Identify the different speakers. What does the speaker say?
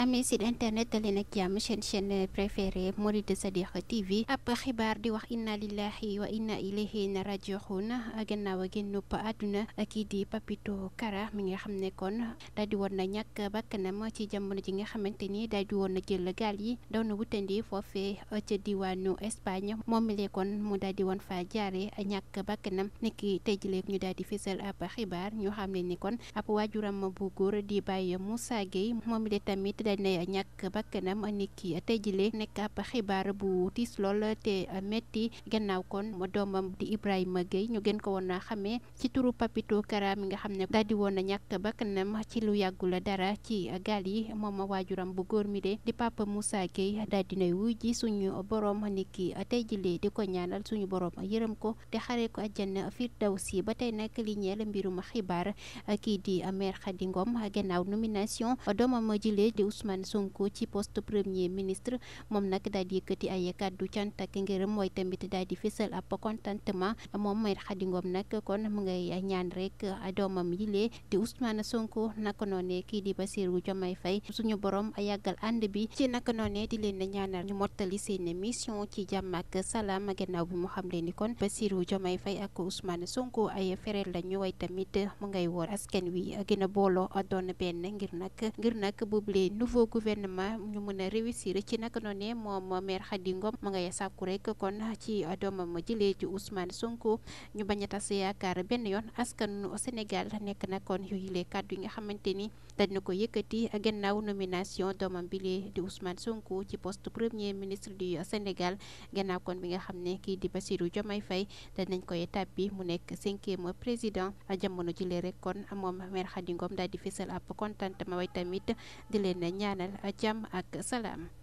Speaker 1: amee site internet daleen ak jàmm seen chaîne préférée Mouride Sadikh TV ab xibaar di wax inna lillahi wa inna ilayhi raji'un gannaaw génnub àdduna kii di Papito Kara mi nga xam ne kon daal di woon na ñàkk bakkanam ci jamono ji nga xamante ni daal di woon na jël gaal yi daw na wutandi foofee ca diwaanu Espagne moom mi kon mu daal di woon fa jaare ñàkk bakkanam niki tey jii ñu daal di fisal ab xibaar ñu xam ne ni kon ab waajuram bu góor di Baye Moussa Gueye moom mi tamit. dañu ñàkk bakkanam niki tey jile nekk ab xibaar bu tiis lool te metti gannaaw kon ma doomam di Ibrahima Gueye ñu gën ko woon a xamee ci turu Papito Kara mi nga xam ne daal woon a ñàkk bakkanam ci lu yàggul a dara ci gaal yi moom waajuram bu góor mi de di Papa Moussa Gueye daal di nay wuy ji suñu borom niki tey jile di ko ñaanal suñu borom yërëm ko te xare ko àjjana si ba tey nekk li ñeel mbirum xibaar kii di maire Ousmane Sonko ci poste premier ministre moom nag daal di yëkkati ay kàddu cant ak ngërëm mooy tamit daal di fësal ab contentement moom Maître Khady Ngom nag kon mu ngay ñaan rek doomam yi lee di Ousmane Sonko naka noonee kii di Bassirou Diomaye Faye suñu borom yàggal ànd bi ci naka noonee di leen ñaanal ñu mottali seen mission ci jàmm ak salaam gannaaw bi mu xam leen ni kon Bassirou Diomaye Faye ak Ousmane Sonko ay fereel la ñu way tamit mu ngay woor askan wi gën a booloo doon benn ngir nag ngir nag boobule nouveau gouvernement ñu mën a réussir ci naka noonu moom maire Khady Ngom ma ngay sàkku rek kon ci doomam jëlee ci Ousmane Sonko ñu bañ a tas yaakaar benn yoon askanu Sénégal nekk na kon yooyu les yi nga xamante ni dañu ko yëkkati gannaaw nomination doomam bi di Ousmane Sonko ci post premier ministre du Sénégal gannaaw kon bi nga xam ne kii di Bassirou Diomaye Faye nañ koy tàbbi mu nekk cinquième président jamono jëlee rek kon moom maire Khady Ngom daal di fësal ab contentement waaye tamit di leen nhà này ở châm ở à, cửa salam